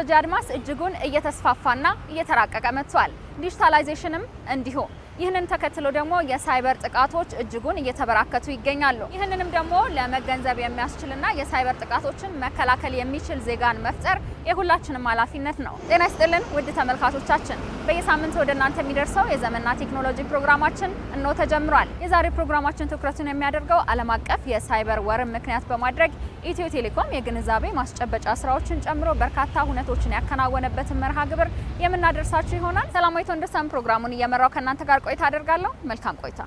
የመረጃ አድማስ እጅጉን እየተስፋፋና እየተራቀቀ መጥቷል። ዲጂታላይዜሽንም እንዲሁ። ይህንን ተከትሎ ደግሞ የሳይበር ጥቃቶች እጅጉን እየተበራከቱ ይገኛሉ። ይህንንም ደግሞ ለመገንዘብ የሚያስችልና የሳይበር ጥቃቶችን መከላከል የሚችል ዜጋን መፍጠር የሁላችንም ኃላፊነት ነው። ጤና ይስጥልን ውድ ተመልካቾቻችን፣ በየሳምንት ወደ እናንተ የሚደርሰው የዘመንና ቴክኖሎጂ ፕሮግራማችን እኖ ተጀምሯል። የዛሬ ፕሮግራማችን ትኩረቱን የሚያደርገው ዓለም አቀፍ የሳይበር ወርም ምክንያት በማድረግ ኢትዮ ቴሌኮም የግንዛቤ ማስጨበጫ ስራዎችን ጨምሮ በርካታ ሁነቶችን ያከናወነበትን መርሃ ግብር የምናደርሳችሁ ይሆናል። ሰላማዊት ወንደሰን ፕሮግራሙን እየመራው ከእናንተ ጋር ቆይታ አደርጋለሁ። መልካም ቆይታ።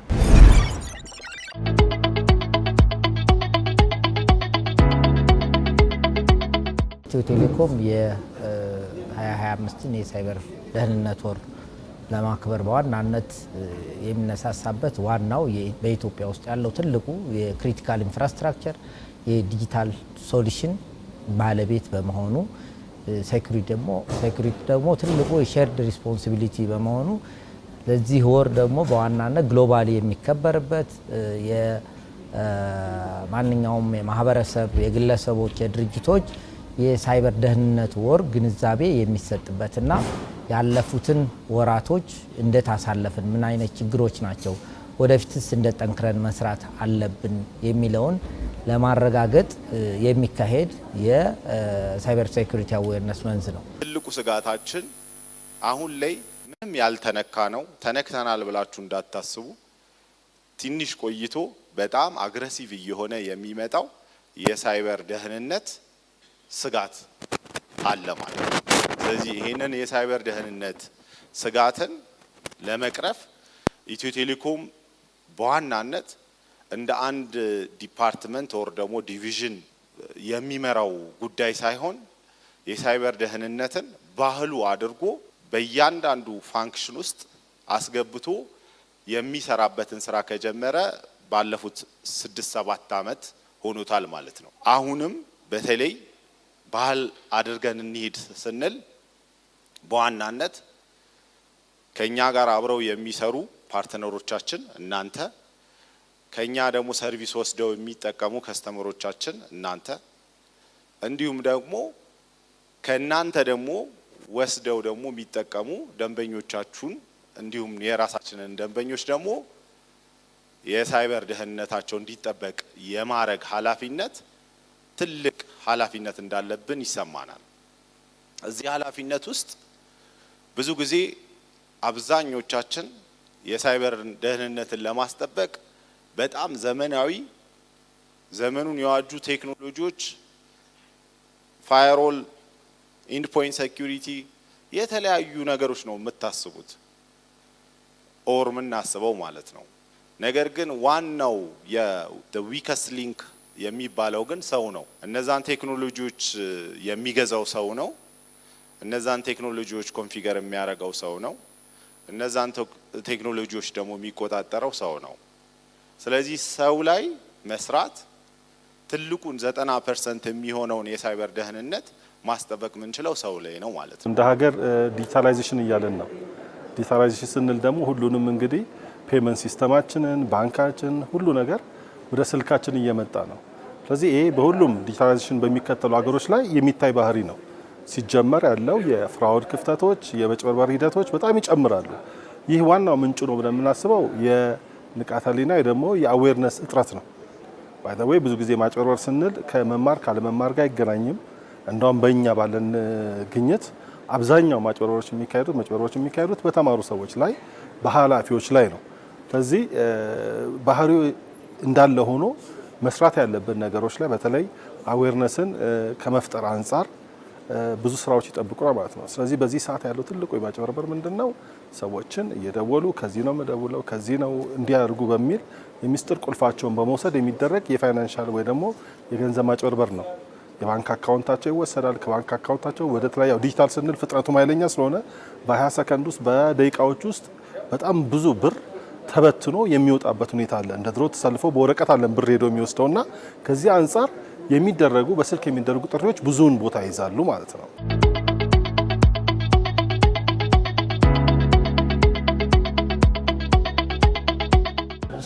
ኢትዮ ቴሌኮም የ2025ን የሳይበር ደህንነት ወር ለማክበር በዋናነት የሚነሳሳበት ዋናው በኢትዮጵያ ውስጥ ያለው ትልቁ የክሪቲካል ኢንፍራስትራክቸር የዲጂታል ሶሉሽን ባለቤት በመሆኑ ሴኩሪቲ ደግሞ ሴኩሪቲ ደግሞ ትልቁ የሼርድ ሪስፖንሲቢሊቲ በመሆኑ ለዚህ ወር ደግሞ በዋናነት ግሎባሊ የሚከበርበት የማንኛውም የማህበረሰብ የግለሰቦች፣ የድርጅቶች የሳይበር ደህንነት ወር ግንዛቤ የሚሰጥበትና ያለፉትን ወራቶች እንዴት አሳለፍን፣ ምን አይነት ችግሮች ናቸው ወደፊትስ እንደ ጠንክረን መስራት አለብን የሚለውን ለማረጋገጥ የሚካሄድ የሳይበር ሴኩሪቲ አዌርነስ መንዝ ነው። ትልቁ ስጋታችን አሁን ላይ ምንም ያልተነካ ነው። ተነክተናል ብላችሁ እንዳታስቡ። ትንሽ ቆይቶ በጣም አግረሲቭ እየሆነ የሚመጣው የሳይበር ደህንነት ስጋት አለ ማለት ነው። ስለዚህ ይህንን የሳይበር ደህንነት ስጋትን ለመቅረፍ ኢትዮ ቴሌኮም በዋናነት እንደ አንድ ዲፓርትመንት ወር ደግሞ ዲቪዥን የሚመራው ጉዳይ ሳይሆን የሳይበር ደህንነትን ባህሉ አድርጎ በእያንዳንዱ ፋንክሽን ውስጥ አስገብቶ የሚሰራበትን ስራ ከጀመረ ባለፉት ስድስት ሰባት አመት ሆኖታል ማለት ነው። አሁንም በተለይ ባህል አድርገን እንሂድ ስንል በዋናነት ከእኛ ጋር አብረው የሚሰሩ ፓርትነሮቻችን እናንተ፣ ከኛ ደግሞ ሰርቪስ ወስደው የሚጠቀሙ ከስተመሮቻችን እናንተ፣ እንዲሁም ደግሞ ከእናንተ ደግሞ ወስደው ደግሞ የሚጠቀሙ ደንበኞቻችሁን እንዲሁም የራሳችንን ደንበኞች ደግሞ የሳይበር ደህንነታቸው እንዲጠበቅ የማረግ ኃላፊነት ትልቅ ኃላፊነት እንዳለብን ይሰማናል። እዚህ ኃላፊነት ውስጥ ብዙ ጊዜ አብዛኞቻችን የሳይበር ደህንነትን ለማስጠበቅ በጣም ዘመናዊ ዘመኑን የዋጁ ቴክኖሎጂዎች ፋየሮል፣ ኢንድ ፖይንት ሴኩሪቲ የተለያዩ ነገሮች ነው የምታስቡት ኦር የምናስበው ማለት ነው። ነገር ግን ዋናው የዊከስ ሊንክ የሚባለው ግን ሰው ነው። እነዛን ቴክኖሎጂዎች የሚገዛው ሰው ነው። እነዛን ቴክኖሎጂዎች ኮንፊገር የሚያደርገው ሰው ነው። እነዛን ቴክኖሎጂዎች ደግሞ የሚቆጣጠረው ሰው ነው። ስለዚህ ሰው ላይ መስራት ትልቁን ዘጠና ፐርሰንት የሚሆነውን የሳይበር ደህንነት ማስጠበቅ የምንችለው ሰው ላይ ነው ማለት ነው። እንደ ሀገር ዲጂታላይዜሽን እያለን ነው። ዲጂታላይዜሽን ስንል ደግሞ ሁሉንም እንግዲህ ፔመንት ሲስተማችንን፣ ባንካችን፣ ሁሉ ነገር ወደ ስልካችን እየመጣ ነው። ስለዚህ ይሄ በሁሉም ዲጂታላይዜሽን በሚከተሉ ሀገሮች ላይ የሚታይ ባህሪ ነው። ሲጀመር ያለው የፍራውድ ክፍተቶች፣ የመጭበርበር ሂደቶች በጣም ይጨምራሉ። ይህ ዋናው ምንጩ ነው ብለን የምናስበው የንቃተ ህሊና ደግሞ የአዌርነስ እጥረት ነው። ባይዘወይ ብዙ ጊዜ ማጭበርበር ስንል ከመማር ካለመማር ጋር አይገናኝም። እንደውም በእኛ ባለን ግኝት አብዛኛው ማጭበርበሮች የሚካሄዱት መጭበርበሮች የሚካሄዱት በተማሩ ሰዎች ላይ በኃላፊዎች ላይ ነው። ስለዚህ ባህሪው እንዳለ ሆኖ መስራት ያለብን ነገሮች ላይ በተለይ አዌርነስን ከመፍጠር አንጻር ብዙ ስራዎች ይጠብቁናል ማለት ነው። ስለዚህ በዚህ ሰዓት ያለው ትልቁ የማጭበርበር ምንድን ነው? ሰዎችን እየደወሉ ከዚህ ነው መደውለው ከዚህ ነው እንዲያደርጉ በሚል የሚስጥር ቁልፋቸውን በመውሰድ የሚደረግ የፋይናንሻል ወይ ደግሞ የገንዘብ ማጭበርበር ነው። የባንክ አካውንታቸው ይወሰዳል። ከባንክ አካውንታቸው ወደ ተለያዩ ዲጂታል ስንል ፍጥነቱ ኃይለኛ ስለሆነ በ20 ሰከንድ ውስጥ በደቂቃዎች ውስጥ በጣም ብዙ ብር ተበትኖ የሚወጣበት ሁኔታ አለ። እንደ ድሮ ተሰልፎ በወረቀት አለን ብር ሄዶ የሚወስደውእና ከዚህ አንጻር የሚደረጉ በስልክ የሚደረጉ ጥሪዎች ብዙውን ቦታ ይዛሉ ማለት ነው።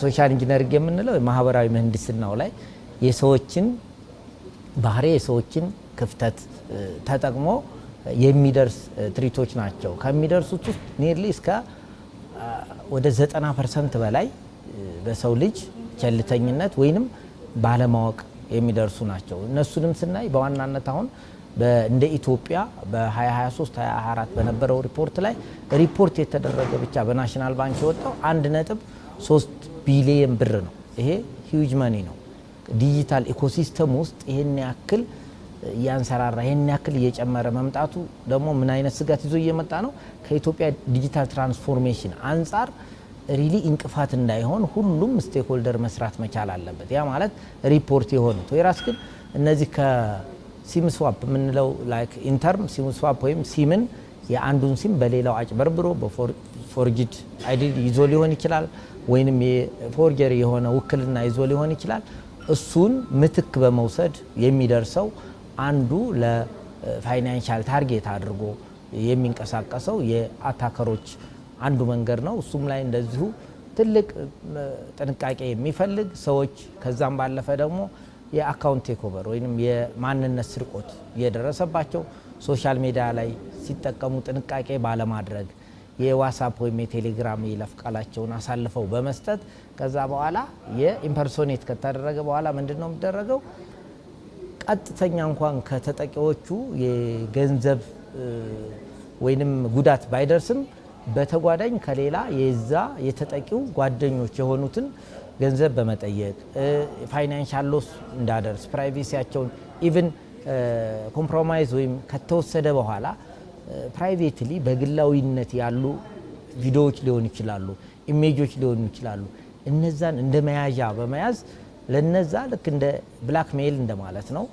ሶሻል ኢንጂነሪንግ የምንለው ማህበራዊ ምህንድስናው ላይ የሰዎችን ባህሪ የሰዎችን ክፍተት ተጠቅሞ የሚደርስ ትሪቶች ናቸው። ከሚደርሱት ውስጥ ኒርሊ እስከ ወደ 90 ፐርሰንት በላይ በሰው ልጅ ቸልተኝነት ወይንም ባለማወቅ የሚደርሱ ናቸው። እነሱንም ስናይ በዋናነት አሁን እንደ ኢትዮጵያ በ2023 24 በነበረው ሪፖርት ላይ ሪፖርት የተደረገ ብቻ በናሽናል ባንክ የወጣው አንድ ነጥብ ሶስት ቢሊየን ብር ነው። ይሄ ሂውጅ መኒ ነው። ዲጂታል ኢኮሲስተም ውስጥ ይህን ያክል እያንሰራራ ይህን ያክል እየጨመረ መምጣቱ ደግሞ ምን አይነት ስጋት ይዞ እየመጣ ነው? ከኢትዮጵያ ዲጂታል ትራንስፎርሜሽን አንጻር ሪሊ እንቅፋት እንዳይሆን ሁሉም ስቴክሆልደር መስራት መቻል አለበት። ያ ማለት ሪፖርት የሆኑት ራስ ግን እነዚህ ከሲም ስዋፕ የምንለው ላይክ ኢንተርም ሲም ስዋፕ ወይም ሲምን የአንዱን ሲም በሌላው አጭበርብሮ በፎርጅድ አይዲ ይዞ ሊሆን ይችላል፣ ወይንም የፎርጀር የሆነ ውክልና ይዞ ሊሆን ይችላል። እሱን ምትክ በመውሰድ የሚደርሰው አንዱ ለፋይናንሻል ታርጌት አድርጎ የሚንቀሳቀሰው የአታከሮች አንዱ መንገድ ነው። እሱም ላይ እንደዚሁ ትልቅ ጥንቃቄ የሚፈልግ ሰዎች ከዛም ባለፈ ደግሞ የአካውንት ቴክኦቨር ወይም የማንነት ስርቆት እየደረሰባቸው ሶሻል ሚዲያ ላይ ሲጠቀሙ ጥንቃቄ ባለማድረግ የዋትሳፕ ወይም የቴሌግራም የይለፍ ቃላቸውን አሳልፈው በመስጠት ከዛ በኋላ የኢምፐርሶኔት ከተደረገ በኋላ ምንድን ነው የሚደረገው? ቀጥተኛ እንኳን ከተጠቂዎቹ የገንዘብ ወይንም ጉዳት ባይደርስም በተጓዳኝ ከሌላ የዛ የተጠቂው ጓደኞች የሆኑትን ገንዘብ በመጠየቅ ፋይናንሻል ሎስ እንዳደርስ ፕራይቬሲያቸውን ኢቭን ኮምፕሮማይዝ ወይም ከተወሰደ በኋላ ፕራይቬትሊ በግላዊነት ያሉ ቪዲዮዎች ሊሆኑ ይችላሉ፣ ኢሜጆች ሊሆኑ ይችላሉ። እነዛን እንደ መያዣ በመያዝ ለነዛ ልክ እንደ ብላክ ሜይል እንደማለት ነው።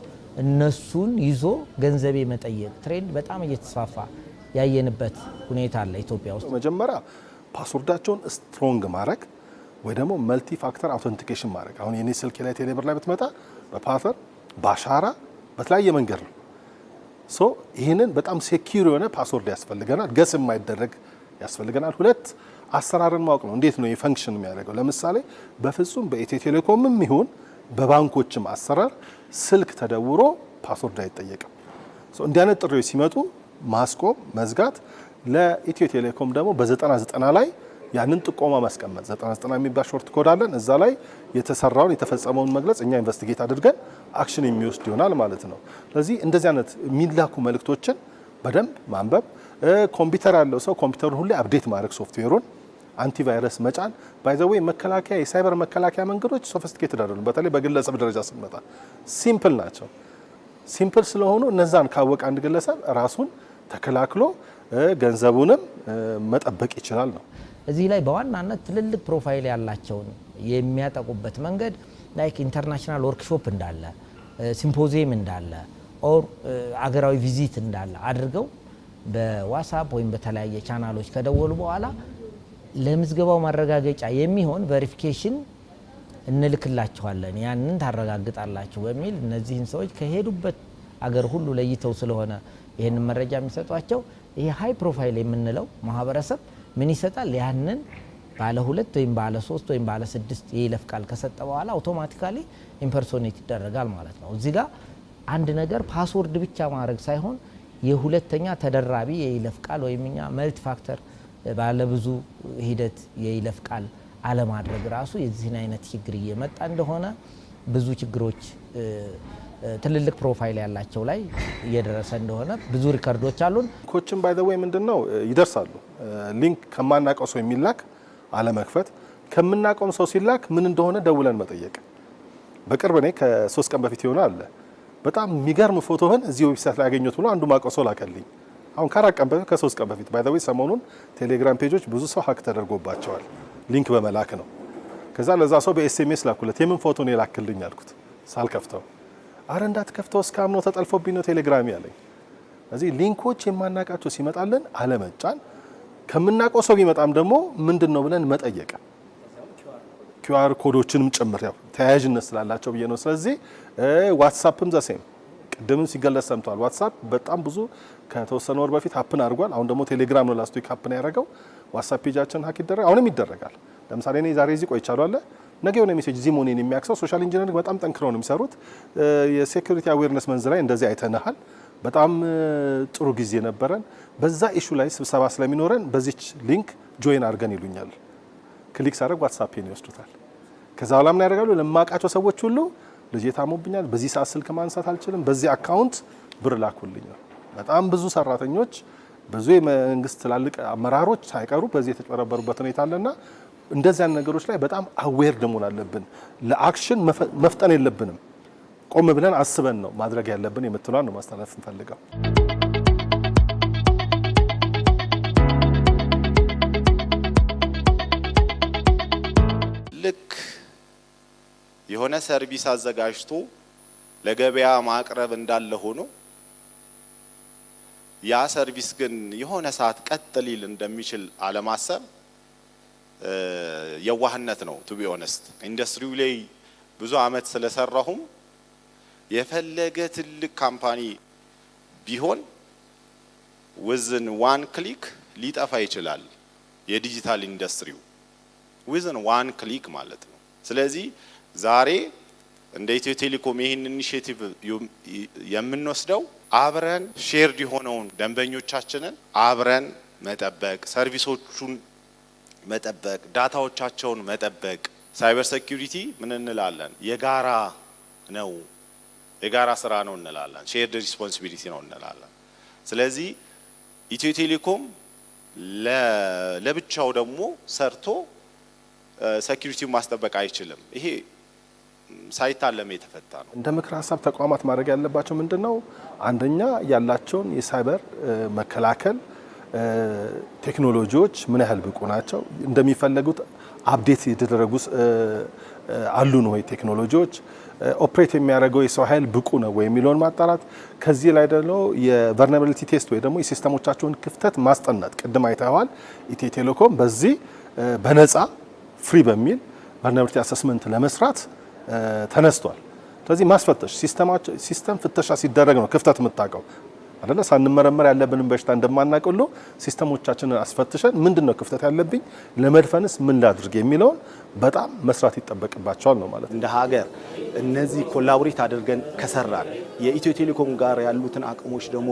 እነሱን ይዞ ገንዘቤ መጠየቅ ትሬንድ በጣም እየተስፋፋ ያየንበት ሁኔታ አለ ኢትዮጵያ ውስጥ። መጀመሪያ ፓስወርዳቸውን ስትሮንግ ማድረግ ወይ ደግሞ መልቲ ፋክተር አውተንቲኬሽን ማድረግ። አሁን የኔ ስልክ ላይ ቴሌብር ላይ ብትመጣ በፓተር በአሻራ በተለያየ መንገድ ነው። ሶ ይህንን በጣም ሴኪር የሆነ ፓስወርድ ያስፈልገናል፣ ገስ የማይደረግ ያስፈልገናል። ሁለት አሰራርን ማወቅ ነው። እንዴት ነው የፈንክሽን የሚያደርገው? ለምሳሌ በፍጹም በኢትዮ ቴሌኮምም ይሁን በባንኮችም አሰራር ስልክ ተደውሮ ፓስወርድ አይጠየቅም። እንዲህ ጥሪዎች ሲመጡ ማስቆም፣ መዝጋት ለኢትዮ ቴሌኮም ደግሞ በ ዘጠና ላይ ያንን ጥቆማ ማስቀመጥ 90 የሚባል ሾርት ኮድ አለን። እዛ ላይ የተሰራውን የተፈጸመውን መግለጽ እኛ ኢንቨስቲጌት አድርገን አክሽን የሚወስድ ይሆናል ማለት ነው። ስለዚህ እንደዚህ አይነት የሚላኩ መልእክቶችን በደንብ ማንበብ፣ ኮምፒውተር ያለው ሰው ኮምፒውተሩን ሁሌ አፕዴት ማድረግ፣ ሶፍትዌሩን አንቲቫይረስ መጫን። ባይዘዌ መከላከያ የሳይበር መከላከያ መንገዶች ሶፊስቲኬትድ አይደሉም። በተለይ በግለሰብ ደረጃ ስንመጣ ሲምፕል ናቸው። ሲምፕል ስለሆኑ እነዛን ካወቀ አንድ ግለሰብ ራሱን ተከላክሎ ገንዘቡንም መጠበቅ ይችላል ነው። እዚህ ላይ በዋናነት ትልልቅ ፕሮፋይል ያላቸውን የሚያጠቁበት መንገድ ላይክ ኢንተርናሽናል ወርክሾፕ እንዳለ፣ ሲምፖዚየም እንዳለ፣ ኦር አገራዊ ቪዚት እንዳለ አድርገው በዋትሳፕ ወይም በተለያየ ቻናሎች ከደወሉ በኋላ ለምዝገባው ማረጋገጫ የሚሆን ቬሪፊኬሽን እንልክላችኋለን ያንን ታረጋግጣላችሁ በሚል እነዚህን ሰዎች ከሄዱበት አገር ሁሉ ለይተው ስለሆነ ይህን መረጃ የሚሰጧቸው ይሄ ሀይ ፕሮፋይል የምንለው ማህበረሰብ ምን ይሰጣል? ያንን ባለ ሁለት ወይም ባለ ሶስት ወይም ባለ ስድስት የይለፍ ቃል ከሰጠ በኋላ አውቶማቲካሊ ኢምፐርሶኔት ይደረጋል ማለት ነው። እዚህ ጋር አንድ ነገር ፓስወርድ ብቻ ማድረግ ሳይሆን የሁለተኛ ተደራቢ የይለፍ ቃል ወይም እኛ መልት ፋክተር ባለብዙ ሂደት የይለፍ ቃል አለማድረግ ራሱ የዚህን አይነት ችግር እየመጣ እንደሆነ ብዙ ችግሮች ትልልቅ ፕሮፋይል ያላቸው ላይ እየደረሰ እንደሆነ ብዙ ሪከርዶች አሉን። ሊንኮችን ባይ ዘ ወይ ምንድን ነው ይደርሳሉ። ሊንክ ከማናቀው ሰው የሚላክ አለመክፈት፣ ከምናቀውም ሰው ሲላክ ምን እንደሆነ ደውለን መጠየቅ። በቅርብ እኔ ከሶስት ቀን በፊት የሆነ አለ በጣም የሚገርም ፎቶህን እዚህ ዌብሳይት ላይ ያገኘት ብሎ አንዱ ማቀው ሰው ላከልኝ። አሁን ከአራት ቀን በፊት ከሶስት ቀን በፊት ባይ ዘ ወይ ሰሞኑን ቴሌግራም ፔጆች ብዙ ሰው ሀክ ተደርጎባቸዋል ሊንክ በመላክ ነው። ከዛ ለዛ ሰው በኤስኤምኤስ ላኩለት የምን ነው የላክልኝ አልኩት ሳልከፍተው አረ እንዳትከፍተው እስከ አምኖ ተጠልፎብኝ ነው ቴሌግራም ያለኝ። እዚህ ሊንኮች የማናቃቸው ሲመጣልን አለመጫን፣ ከምናውቀው ሰው ቢመጣም ደግሞ ምንድን ነው ብለን መጠየቅ፣ ኪውአር ኮዶችንም ጭምር ያው ተያያዥነት ስላላቸው ብዬ ነው። ስለዚህ ዋትሳፕም ዘሴም ቅድምም ሲገለጽ ሰምተዋል። ዋትሳፕ በጣም ብዙ ከተወሰነ ወር በፊት ሀፕን አድርጓል። አሁን ደግሞ ቴሌግራም ነው ላስት ዊክ ሀፕን ያደረገው። ዋትሳፕ ፔጃችን ሀክ ይደረግ አሁንም ይደረጋል። ለምሳሌ እኔ ዛሬ እዚህ ቆይቻለሁ አለ ነገ የሆነ ሜሴጅ እዚህ መሆኔን የሚያክሰው ሶሻል ኢንጂነሪንግ በጣም ጠንክረው ነው የሚሰሩት። የሴኩሪቲ አዌርነስ መንዝ ላይ እንደዚህ አይተናሃል። በጣም ጥሩ ጊዜ ነበረን። በዛ ኢሹ ላይ ስብሰባ ስለሚኖረን በዚች ሊንክ ጆይን አድርገን ይሉኛል። ክሊክ ሳደርግ ዋትሳፕን ይወስዱታል። ከዛ በኋላ ምን ያደርጋሉ? ለማውቃቸው ሰዎች ሁሉ ልጄ ታሞብኛል፣ በዚህ ሰዓት ስልክ ማንሳት አልችልም፣ በዚህ አካውንት ብር ላኩልኛል። በጣም ብዙ ሰራተኞች ብዙ የመንግስት ትላልቅ አመራሮች ሳይቀሩ በዚህ የተጨበረበሩበት ሁኔታ አለና እንደዚያን ነገሮች ላይ በጣም አዌርድ መሆን አለብን። ለአክሽን መፍጠን የለብንም። ቆም ብለን አስበን ነው ማድረግ ያለብን የምትሏን ነው ማስተላለፍ እንፈልገው። ልክ የሆነ ሰርቪስ አዘጋጅቶ ለገበያ ማቅረብ እንዳለ ሆኖ ያ ሰርቪስ ግን የሆነ ሰዓት ቀጥ ሊል እንደሚችል አለማሰብ የዋህነት ነው። ቢ ኦነስት ኢንዱስትሪው ላይ ብዙ አመት ስለሰራሁም የፈለገ ትልቅ ካምፓኒ ቢሆን ዊዝን ዋን ክሊክ ሊጠፋ ይችላል። የዲጂታል ኢንዱስትሪው ዊዝን ዋን ክሊክ ማለት ነው። ስለዚህ ዛሬ እንደ ኢትዮ ቴሌኮም ይህን ኢኒሽቲቭ የምንወስደው አብረን ሼርድ የሆነውን ደንበኞቻችንን አብረን መጠበቅ ሰርቪሶቹን መጠበቅ፣ ዳታዎቻቸውን መጠበቅ። ሳይበር ሴኩሪቲ ምን እንላለን? የጋራ ነው፣ የጋራ ስራ ነው እንላለን። ሼርድ ሪስፖንሲቢሊቲ ነው እንላለን። ስለዚህ ኢትዮ ቴሌኮም ለብቻው ደግሞ ሰርቶ ሴኩሪቲውን ማስጠበቅ አይችልም። ይሄ ሳይታለም የተፈታ ነው። እንደ ምክር ሀሳብ ተቋማት ማድረግ ያለባቸው ምንድን ነው? አንደኛ ያላቸውን የሳይበር መከላከል ቴክኖሎጂዎች ምን ያህል ብቁ ናቸው? እንደሚፈለጉት አፕዴት የተደረጉ አሉን ወይ? ቴክኖሎጂዎች ኦፕሬት የሚያደርገው የሰው ኃይል ብቁ ነው ወይ የሚለውን ማጣራት፣ ከዚህ ላይ ደግሞ የቨርናቢሊቲ ቴስት ወይ ደግሞ የሲስተሞቻቸውን ክፍተት ማስጠናት። ቅድም አይተዋል። ኢትዮ ቴሌኮም በዚህ በነፃ ፍሪ በሚል ቨርናቢሊቲ አሰስመንት ለመስራት ተነስቷል። ስለዚህ ማስፈተሽ ሲስተም ፍተሻ ሲደረግ ነው ክፍተት የምታውቀው። አደለ ሳንመረመር ያለብንን በሽታ እንደማናውቅ ሁሉ ሲስተሞቻችንን አስፈትሸን ምንድን ነው ክፍተት ያለብኝ ለመድፈንስ ምን ላድርግ የሚለውን በጣም መስራት ይጠበቅባቸዋል ነው ማለት እንደ ሀገር እነዚህ ኮላቦሬት አድርገን ከሰራን የኢትዮ ቴሌኮም ጋር ያሉትን አቅሞች ደግሞ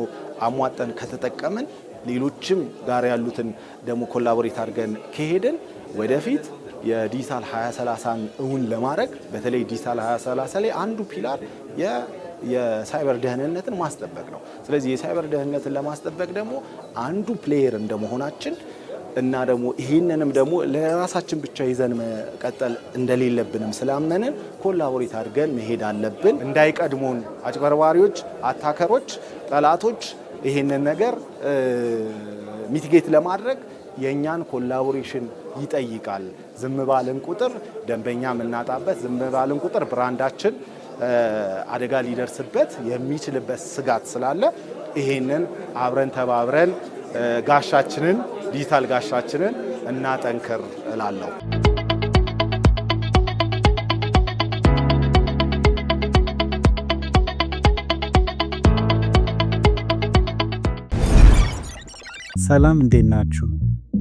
አሟጠን ከተጠቀምን ሌሎችም ጋር ያሉትን ደግሞ ኮላቦሬት አድርገን ከሄድን ወደፊት የዲጂታል 2030ን እውን ለማድረግ በተለይ ዲጂታል 2030 ላይ አንዱ ፒላር የሳይበር ደህንነትን ማስጠበቅ ነው። ስለዚህ የሳይበር ደህንነትን ለማስጠበቅ ደግሞ አንዱ ፕሌየር እንደመሆናችን እና ደግሞ ይህንንም ደግሞ ለራሳችን ብቻ ይዘን መቀጠል እንደሌለብንም ስላመንን ኮላቦሬት አድርገን መሄድ አለብን። እንዳይቀድሙን አጭበርባሪዎች፣ አታከሮች፣ ጠላቶች ይህንን ነገር ሚቲጌት ለማድረግ የእኛን ኮላቦሬሽን ይጠይቃል። ዝም ባልን ቁጥር ደንበኛ የምናጣበት፣ ዝም ባልን ቁጥር ብራንዳችን አደጋ ሊደርስበት የሚችልበት ስጋት ስላለ ይሄንን አብረን ተባብረን ጋሻችንን ዲጂታል ጋሻችንን እናጠንክር እላለሁ። ሰላም እንዴት ናችሁ?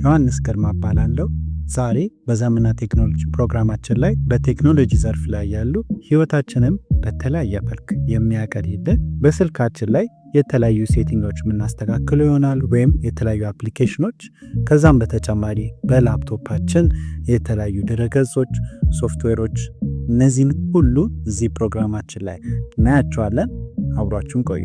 ዮሐንስ ግርማ እባላለሁ። ዛሬ በዘመንና ቴክኖሎጂ ፕሮግራማችን ላይ በቴክኖሎጂ ዘርፍ ላይ ያሉ ህይወታችንም በተለያየ መልክ የሚያቀል ሂደት በስልካችን ላይ የተለያዩ ሴቲንጎች የምናስተካክለው ይሆናል ወይም የተለያዩ አፕሊኬሽኖች። ከዛም በተጨማሪ በላፕቶፓችን የተለያዩ ድረገጾች፣ ሶፍትዌሮች እነዚህን ሁሉ እዚህ ፕሮግራማችን ላይ እናያቸዋለን። አብሯችሁን ቆዩ።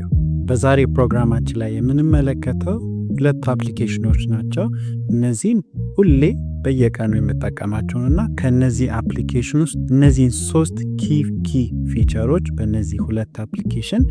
በዛሬ ፕሮግራማችን ላይ የምንመለከተው ሁለት አፕሊኬሽኖች ናቸው። እነዚህን ሁሌ በየቀኑ የምጠቀማቸው እና ከነዚህ አፕሊኬሽን ውስጥ እነዚህን ሶስት ኪ ኪ ፊቸሮች በእነዚህ ሁለት አፕሊኬሽን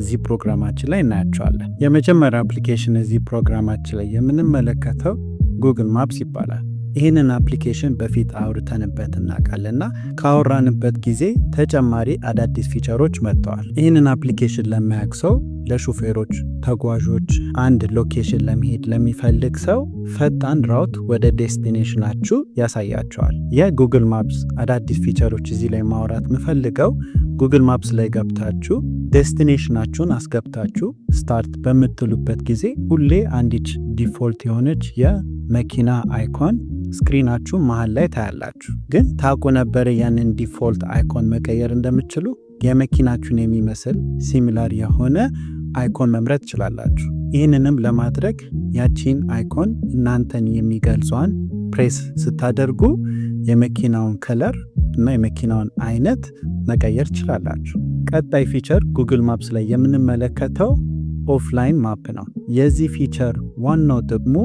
እዚህ ፕሮግራማችን ላይ እናያቸዋለን። የመጀመሪያው አፕሊኬሽን እዚህ ፕሮግራማችን ላይ የምንመለከተው ጉግል ማፕስ ይባላል። ይህንን አፕሊኬሽን በፊት አውርተንበት እናውቃለና ካወራንበት ጊዜ ተጨማሪ አዳዲስ ፊቸሮች መጥተዋል። ይህንን አፕሊኬሽን ለማያውቅ ሰው፣ ለሹፌሮች፣ ተጓዦች፣ አንድ ሎኬሽን ለመሄድ ለሚፈልግ ሰው ፈጣን ራውት ወደ ዴስቲኔሽናችሁ ያሳያቸዋል። የጉግል ማፕስ አዳዲስ ፊቸሮች እዚህ ላይ ማውራት የምፈልገው ጉግል ማፕስ ላይ ገብታችሁ ዴስቲኔሽናችሁን አስገብታችሁ ስታርት በምትሉበት ጊዜ ሁሌ አንዲች ዲፎልት የሆነች የመኪና አይኮን ስክሪናችሁ መሀል ላይ ታያላችሁ። ግን ታውቁ ነበር ያንን ዲፎልት አይኮን መቀየር እንደምትችሉ? የመኪናችሁን የሚመስል ሲሚላር የሆነ አይኮን መምረጥ ትችላላችሁ። ይህንንም ለማድረግ ያቺን አይኮን እናንተን የሚገልጿን ፕሬስ ስታደርጉ የመኪናውን ከለር እና የመኪናውን አይነት መቀየር ትችላላችሁ። ቀጣይ ፊቸር ጉግል ማፕስ ላይ የምንመለከተው ኦፍላይን ማፕ ነው። የዚህ ፊቸር ዋናው ጥቅሙ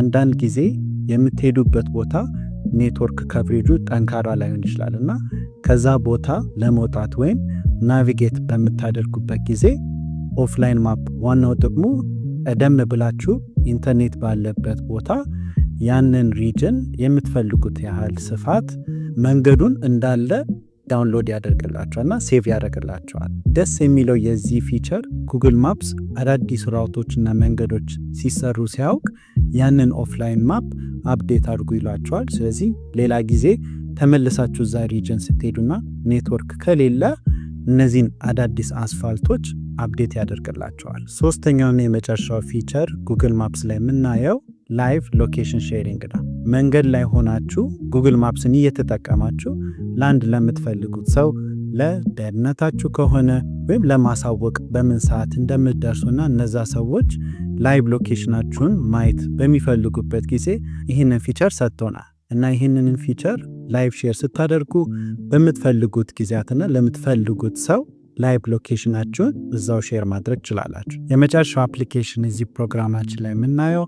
አንዳንድ ጊዜ የምትሄዱበት ቦታ ኔትወርክ ከቨሬጁ ጠንካራ ላይሆን ይችላል እና ከዛ ቦታ ለመውጣት ወይም ናቪጌት በምታደርጉበት ጊዜ ኦፍላይን ማፕ ዋናው ጥቅሙ ቀደም ብላችሁ ኢንተርኔት ባለበት ቦታ ያንን ሪጅን የምትፈልጉት ያህል ስፋት መንገዱን እንዳለ ዳውንሎድ ያደርግላቸዋል እና ሴቭ ያደርግላቸዋል። ደስ የሚለው የዚህ ፊቸር ጉግል ማፕስ አዳዲስ ራውቶችና መንገዶች ሲሰሩ ሲያውቅ ያንን ኦፍላይን ማፕ አፕዴት አድርጉ ይሏቸዋል። ስለዚህ ሌላ ጊዜ ተመልሳችሁ እዛ ሪጅን ስትሄዱና ኔትወርክ ከሌለ እነዚህን አዳዲስ አስፋልቶች አፕዴት ያደርግላቸዋል። ሶስተኛውና የመጨረሻው ፊቸር ጉግል ማፕስ ላይ የምናየው ላይቭ ሎኬሽን ሼሪንግ ነው። መንገድ ላይ ሆናችሁ ጉግል ማፕስን እየተጠቀማችሁ ለአንድ ለምትፈልጉት ሰው ለደህንነታችሁ ከሆነ ወይም ለማሳወቅ በምን ሰዓት እንደምትደርሱና እነዛ ሰዎች ላይቭ ሎኬሽናችሁን ማየት በሚፈልጉበት ጊዜ ይህንን ፊቸር ሰጥቶናል እና ይህንን ፊቸር ላይቭ ሼር ስታደርጉ በምትፈልጉት ጊዜያትና ለምትፈልጉት ሰው ላይቭ ሎኬሽናችሁን እዛው ሼር ማድረግ ችላላችሁ። የመጨረሻው አፕሊኬሽን እዚህ ፕሮግራማችን ላይ የምናየው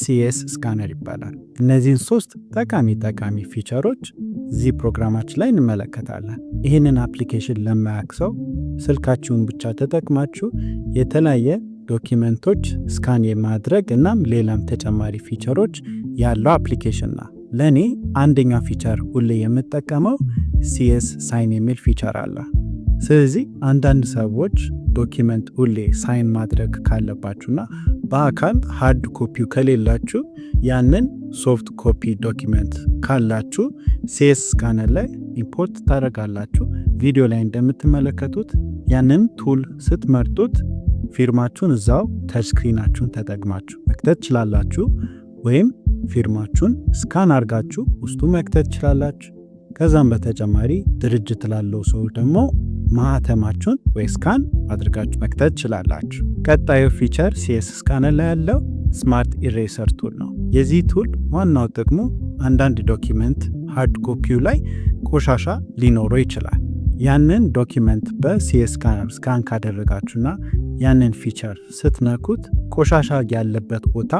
ሲኤስ ስካነር ይባላል። እነዚህን ሶስት ጠቃሚ ጠቃሚ ፊቸሮች እዚህ ፕሮግራማችን ላይ እንመለከታለን። ይህንን አፕሊኬሽን ለማያውቅ ሰው ስልካችሁን ብቻ ተጠቅማችሁ የተለያየ ዶኪመንቶች ስካን የማድረግ እናም ሌላም ተጨማሪ ፊቸሮች ያለው አፕሊኬሽን ነው። ለእኔ አንደኛው ፊቸር ሁሌ የምጠቀመው ሲኤስ ሳይን የሚል ፊቸር አለ። ስለዚህ አንዳንድ ሰዎች ዶኪመንት ሁሌ ሳይን ማድረግ ካለባችሁና በአካል ሃርድ ኮፒው ከሌላችሁ ያንን ሶፍት ኮፒ ዶኪመንት ካላችሁ ሴስ ስካነር ላይ ኢምፖርት ታደረጋላችሁ። ቪዲዮ ላይ እንደምትመለከቱት ያንን ቱል ስትመርጡት ፊርማችሁን እዛው ተስክሪናችሁን ተጠቅማችሁ መክተት ችላላችሁ። ወይም ፊርማችሁን ስካን አርጋችሁ ውስጡ መክተት ችላላችሁ። ከዛም በተጨማሪ ድርጅት ላለው ሰው ደግሞ ማህተማችሁን ወይ ስካን አድርጋችሁ መክተት ትችላላችሁ። ቀጣዩ ፊቸር ሲኤስ ስካን ላይ ያለው ስማርት ኢሬሰር ቱል ነው። የዚህ ቱል ዋናው ጥቅሙ አንዳንድ ዶኪመንት ሃርድ ኮፒው ላይ ቆሻሻ ሊኖረው ይችላል። ያንን ዶኪመንት በሲኤስ ስካነር ስካን ካደረጋችሁና ያንን ፊቸር ስትነኩት ቆሻሻ ያለበት ቦታ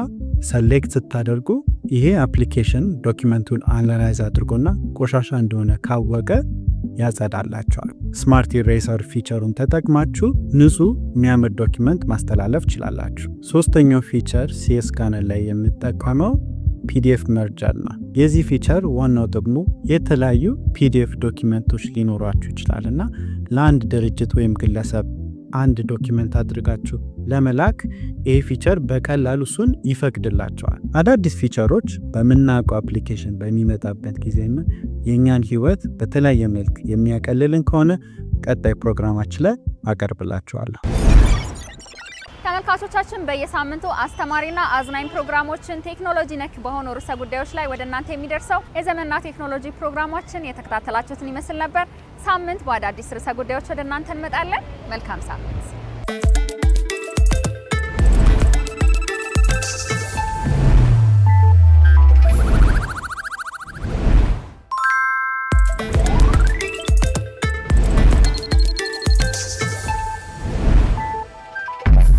ሰሌክት ስታደርጉ ይሄ አፕሊኬሽን ዶኪመንቱን አናላይዝ አድርጎና ቆሻሻ እንደሆነ ካወቀ ያጸዳላቸዋል። ስማርት ኢሬሰር ፊቸሩን ተጠቅማችሁ ንጹህ የሚያምር ዶኪመንት ማስተላለፍ ችላላችሁ። ሶስተኛው ፊቸር ሲስካነር ላይ የምጠቀመው ፒዲኤፍ መርጃል ነው። የዚህ ፊቸር ዋናው ጥቅሙ የተለያዩ ፒዲኤፍ ዶኪመንቶች ሊኖሯችሁ ይችላል እና ለአንድ ድርጅት ወይም ግለሰብ አንድ ዶኪመንት አድርጋችሁ ለመላክ ይህ ፊቸር በቀላሉ እሱን ይፈቅድላቸዋል። አዳዲስ ፊቸሮች በምናውቀው አፕሊኬሽን በሚመጣበት ጊዜ የእኛን ህይወት በተለያየ መልክ የሚያቀልልን ከሆነ ቀጣይ ፕሮግራማችን ላይ አቀርብላችኋለሁ። ተመልካቾቻችን በየሳምንቱ አስተማሪና አዝናኝ ፕሮግራሞችን ቴክኖሎጂ ነክ በሆኑ ርዕሰ ጉዳዮች ላይ ወደ እናንተ የሚደርሰው የዘመንና ቴክኖሎጂ ፕሮግራማችን የተከታተላችሁትን ይመስል ነበር። ሳምንት በአዳዲስ ርዕሰ ጉዳዮች ወደ እናንተ እንመጣለን። መልካም ሳምንት።